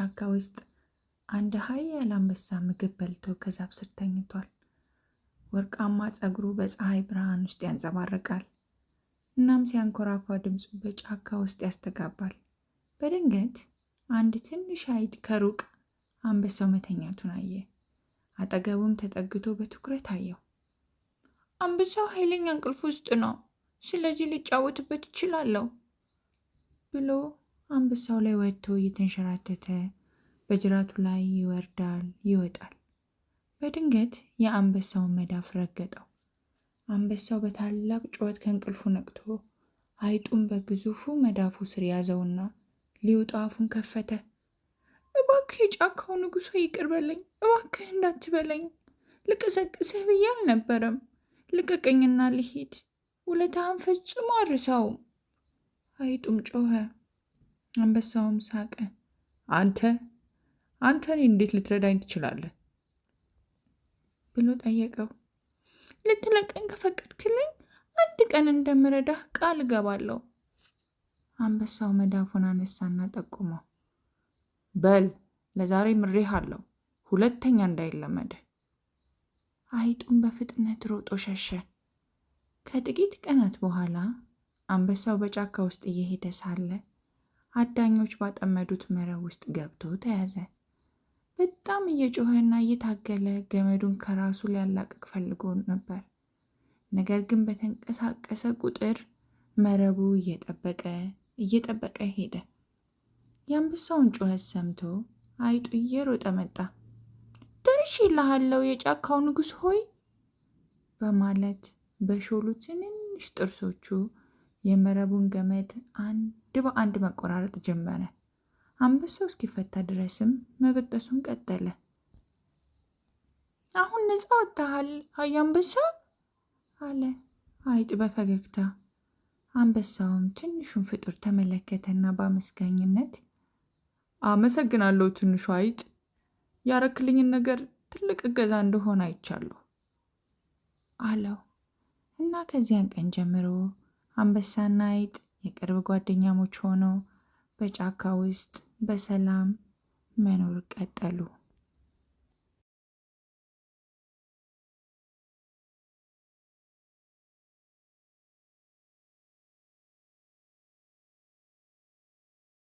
ጫካ ውስጥ አንድ ኃያል አንበሳ ምግብ በልቶ ከዛፍ ስር ተኝቷል። ወርቃማ ፀጉሩ በፀሐይ ብርሃን ውስጥ ያንጸባርቃል። እናም ሲያንኮራፋ ድምፁ በጫካ ውስጥ ያስተጋባል። በድንገት አንድ ትንሽ አይጥ ከሩቅ አንበሳው መተኛቱን አየ። አጠገቡም ተጠግቶ በትኩረት አየው። አንበሳው ኃይለኛ እንቅልፍ ውስጥ ነው፣ ስለዚህ ልጫወትበት እችላለሁ ብሎ አንበሳው ላይ ወጥቶ እየተንሸራተተ በጅራቱ ላይ ይወርዳል፣ ይወጣል። በድንገት የአንበሳውን መዳፍ ረገጠው። አንበሳው በታላቅ ጩኸት ከእንቅልፉ ነቅቶ አይጡን በግዙፉ መዳፉ ስር ያዘውና ሊውጣ አፉን ከፈተ። እባክህ የጫካው ንጉሶ ይቅር በለኝ፣ እባክህ እንዳትበለኝ። ልቀሰቅስህ ብዬ አልነበረም። ልቀቀኝና ልሂድ። ውለታህን ፈጽሞ አርሳውም። አይጡም ጮኸ። አንበሳውም ሳቀ። አንተ አንተ እንዴት ልትረዳኝ ትችላለህ? ብሎ ጠየቀው። ልትለቀኝ ከፈቀድክልኝ አንድ ቀን እንደምረዳህ ቃል እገባለሁ። አንበሳው መዳፉን አነሳና ጠቁመው፣ በል ለዛሬ ምሬህ አለው ሁለተኛ እንዳይለመድህ! አይጡን በፍጥነት ሮጦ ሸሸ። ከጥቂት ቀናት በኋላ አንበሳው በጫካ ውስጥ እየሄደ ሳለ አዳኞች ባጠመዱት መረብ ውስጥ ገብቶ ተያዘ። በጣም እየጮኸና እየታገለ ገመዱን ከራሱ ሊያላቅቅ ፈልጎ ነበር። ነገር ግን በተንቀሳቀሰ ቁጥር መረቡ እየጠበቀ እየጠበቀ ሄደ። የአንበሳውን ጩኸት ሰምቶ አይጡ እየሮጠ መጣ። ደርሼልሃለሁ የጫካው ንጉሥ ሆይ በማለት በሾሉ ትንንሽ ጥርሶቹ የመረቡን ገመድ አንድ በአንድ መቆራረጥ ጀመረ። አንበሳው እስኪፈታ ድረስም መበጠሱን ቀጠለ። አሁን ነፃ ወጥተሃል አይ አንበሳ አለ አይጥ በፈገግታ። አንበሳውም ትንሹን ፍጡር ተመለከተና በአመስጋኝነት አመሰግናለሁ ትንሹ አይጥ፣ ያረክልኝን ነገር ትልቅ እገዛ እንደሆነ አይቻለሁ አለው እና ከዚያን ቀን ጀምሮ አንበሳና አይጥ የቅርብ ጓደኛሞች ሆነው በጫካ ውስጥ በሰላም መኖር ቀጠሉ።